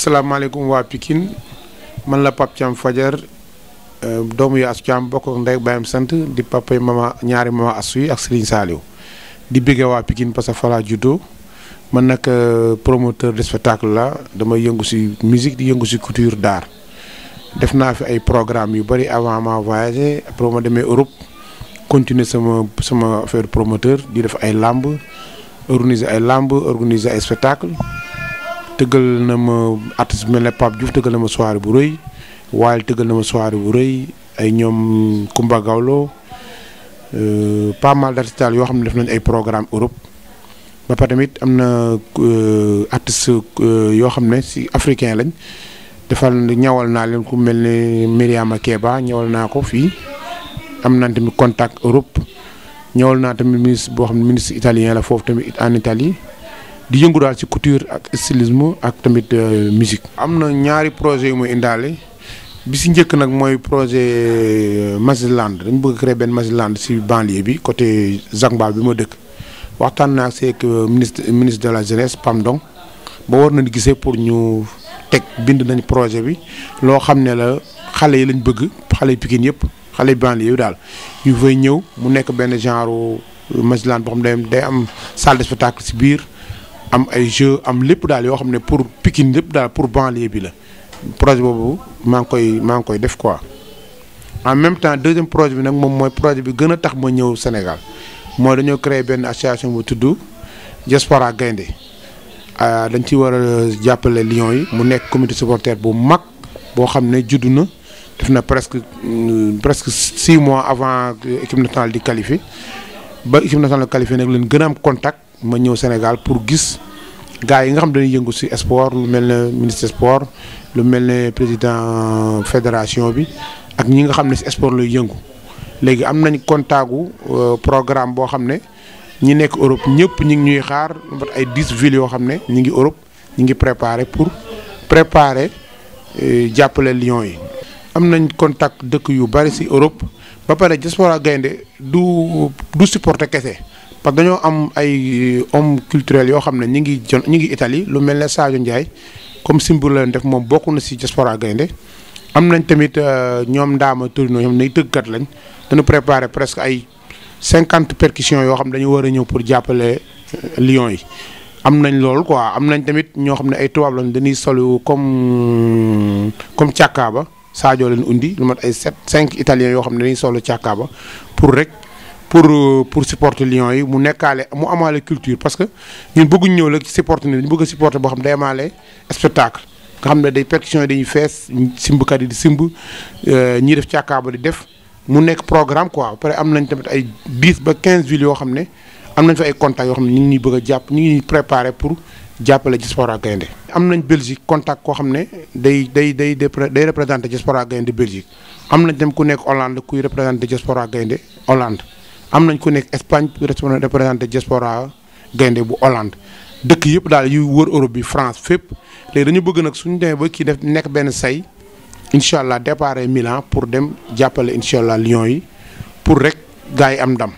salaamaaleykum waa Pikine man la Pape Thiam Fajar euh, doomu yu Asu Thiam bokk ak ndey baayam sant di papa yi mama ñaari mama Asu yi ak Serigne Saliou di bëggee waa Pikine parce que fa laa man nag euh, promoteur de spectacle la damay yëngu si musique di yëngu si culture d'art def naa fi ay programme yu bëri avant ma voyagé ma demee Europe continuer sama sama affaire promoteur di def ay làmb organiser ay làmb organiser ay spectacle tëggal na ma artiste mel ne Pape Diouf tëggal na ma soirée bu rëy waaye tëggal na ma soirée bu rëy ay ñoom Kumba Gawlo euh, pas mal d'artistes yoo xam ne def nañ ay programme Europe ba pare tamit am na euh, artiste euh, yoo xam ne si africain lañ defal ñawal naa leen ku mel ne Miriama Keba ñawal naa ko fii am na tamit contact Europe ñawal naa tamit ministre boo xam ne ministre italien la foofu tamit en Italie di yëngu daal ci couture ak stylisme ak tamit euh, musique. am na ñaari projet yu muy indiaale bi si njëkk nag mooy projet euh, Maziland dañ bëgg créer benn Maziland si banlieue bi côté Zangba bi ma dëkk waxtaan naa ak euh, ministre ministre de la jeunesse Pam donc ba war nañu gisee pour ñu teg bind nañ projet bi loo xam ne la xale yi lañ bëgg xale yi Pikine yëpp xale banlieue yi daal ñu fay ñëw mu nekk benn genre Maziland boo xam ne day am salle de spectacle si biir. am ay jeux am lépp daal yoo xam ne pour Pikine lépp pour banlieue bi la projet boobu maa koy quoi en même temps deuxième projet bi nag projet bi gën tax Sénégal mooy dañoo créer association bu tudd Diaspora ah, dañ ci war a jàppale yi mu nekk comité supporter bu mag boo xam presque euh, presque six mois avant équipe nationale di équipe nationale leen contact ma ñëw Sénégal pour gis gars yi nga xam dañuy yëngu si sport lu mel ne ministre sport lu mel ne président euh, fédération bi ak ñi nga xam ne si sport lay yëngu léegi am nañ kontaagu euh, programme boo xam ne ñi nekk Europe ñëpp ñi ngi ñuy xaar mbat ay 10 villes yoo xam ne ñi ngi Europe ñi ngi préparé pour préparer euh, jàppale Lions yi. am nañ contact dëkk yu bari si Europe ba pare diaspora gaynde du du supporter kese parce que dañoo am ay euh, homme culturel yoo xam ne ñi ngi jon ñi ngi Italie lu mel ne Sadio Ndiaye comme Simbour la leen def moom bokk na si diaspora gaynde am nañ tamit euh, ñoom Ndaama Torino ñoom nay tëggkat lañ dañu préparé presque ay cinquante percussions yoo xam ne dañu war a ñëw pour jàppale euh, Lions yi am nañ loolu quoi am nañ tamit ñoo xam ne ay tubaab lañ dañuy solu comme comme càkkaaba Sadio leen undi lu mat ay sept cinq italien yoo xam ne dañuy solu càkkaaba pour pour euh, pour supporter lion yi mu nekkale mu amale culture parce que ñun bëgguñ ñëw la supporter ñu bëgg supporter bo xam day amaale spectacle nga xam ne day percussion yi dañuy fees simbkat yi di simb euh, ñi def càkkaaba di def mu nekk programme quoi après am nañ tamit ay 10 ba 15 villes yo xam ne am nañ fa ay contact yo xam ne ñu bëgg japp ñi ñu préparer pour jàppale Diaspora Gaindé am nañ Belgique contact ko xam day day day day représenté Diaspora Gaindé Belgique am nañ dem ku nekk Hollande kuy représenté Diaspora Gaindé Hollande am nañ ku nekk Espagne représenté diaspora gaynde bu Hollande dëkk yëpp daal yu wër Europe bi France fépp léegi dañu bëgg nag suñu demee ba kii def nekk benn say incha allah départ Milan pour dem jàppale incha allah Lions yi pour rek gars yi am ndam.